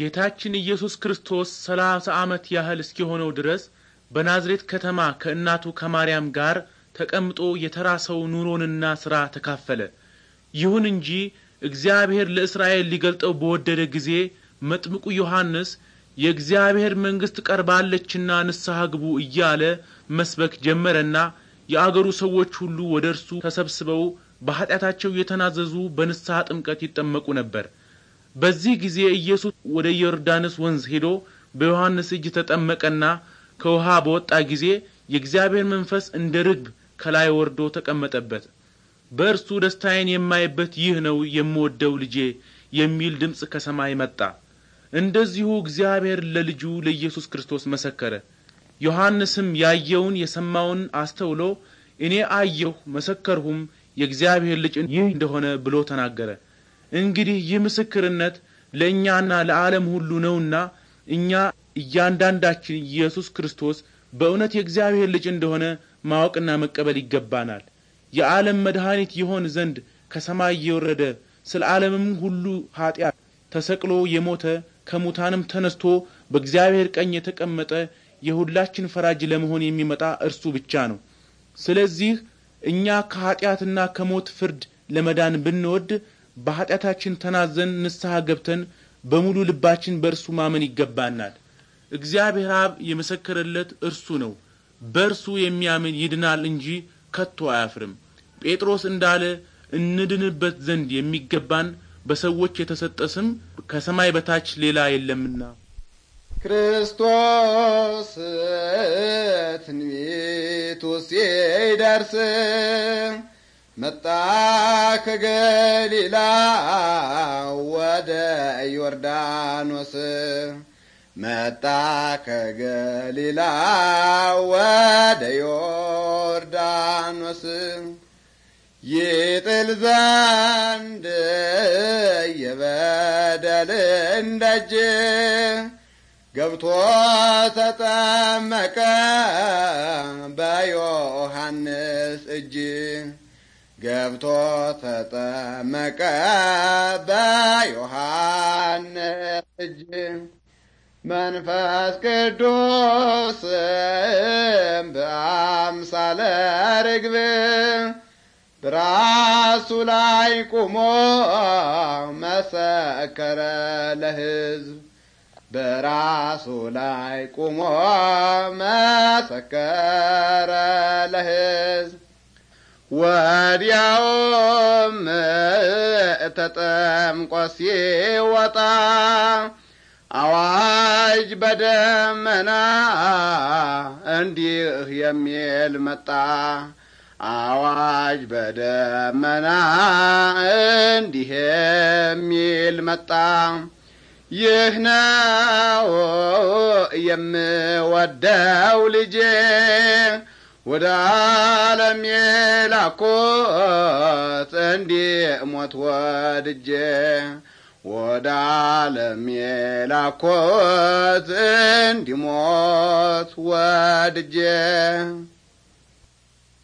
ጌታችን ኢየሱስ ክርስቶስ ሰላሳ ዓመት ያህል እስኪሆነው ድረስ በናዝሬት ከተማ ከእናቱ ከማርያም ጋር ተቀምጦ የተራሰው ኑሮንና ሥራ ተካፈለ። ይሁን እንጂ እግዚአብሔር ለእስራኤል ሊገልጠው በወደደ ጊዜ መጥምቁ ዮሐንስ የእግዚአብሔር መንግሥት ቀርባለችና ንስሐ ግቡ እያለ መስበክ ጀመረና የአገሩ ሰዎች ሁሉ ወደ እርሱ ተሰብስበው በኀጢአታቸው የተናዘዙ በንስሐ ጥምቀት ይጠመቁ ነበር። በዚህ ጊዜ ኢየሱስ ወደ ዮርዳኖስ ወንዝ ሄዶ በዮሐንስ እጅ ተጠመቀና ከውሃ በወጣ ጊዜ የእግዚአብሔር መንፈስ እንደ ርግብ ከላይ ወርዶ ተቀመጠበት። በእርሱ ደስታዬን የማይበት ይህ ነው የምወደው ልጄ የሚል ድምፅ ከሰማይ መጣ። እንደዚሁ እግዚአብሔር ለልጁ ለኢየሱስ ክርስቶስ መሰከረ። ዮሐንስም ያየውን የሰማውን አስተውሎ እኔ አየሁ መሰከርሁም፣ የእግዚአብሔር ልጅ ይህ እንደሆነ ብሎ ተናገረ። እንግዲህ ይህ ምስክርነት ለእኛና ለዓለም ሁሉ ነውና እኛ እያንዳንዳችን ኢየሱስ ክርስቶስ በእውነት የእግዚአብሔር ልጅ እንደሆነ ማወቅና መቀበል ይገባናል። የዓለም መድኃኒት የሆን ዘንድ ከሰማይ የወረደ ስለ ዓለምም ሁሉ ኃጢአት ተሰቅሎ የሞተ ከሙታንም ተነስቶ በእግዚአብሔር ቀኝ የተቀመጠ የሁላችን ፈራጅ ለመሆን የሚመጣ እርሱ ብቻ ነው። ስለዚህ እኛ ከኃጢአትና ከሞት ፍርድ ለመዳን ብንወድ በኃጢአታችን ተናዘን ንስሐ ገብተን በሙሉ ልባችን በእርሱ ማመን ይገባናል። እግዚአብሔር አብ የመሰከረለት እርሱ ነው። በእርሱ የሚያምን ይድናል እንጂ ከቶ አያፍርም። ጴጥሮስ እንዳለ እንድንበት ዘንድ የሚገባን በሰዎች የተሰጠ ስም ከሰማይ በታች ሌላ የለምና። ክርስቶስ ትንቢቱ ሲደርስ መጣ ከገሊላ ወደ ዮርዳኖስ መጣ ከገሊላ ወደ ዮርዳኖስ ይጥል ዘንድ የበደል እንደጅ ገብቶ ተጠመቀ በዮሐንስ እጅ ገብቶ ተጠመቀ በዮሐንስ እጅ መንፈስ ቅዱስም በአምሳለ ርግብ ብራሱ ላይ ቁሞ መሰከረ ለሕዝብ በራሱ ላይ ቁሞ መሰከረ ለሕዝብ ወዲያውም ተጠምቆ ሲወጣ አዋጅ በደመና እንዲህ የሚል መጣ። አዋጅ በደመና እንዲህ የሚል መጣ። ይህ ነው የምወደው ልጄ ወደ ዓለም የላኩት ሞት ወድጄ ወደ ዓለም የላኩት ሞት ወድጄ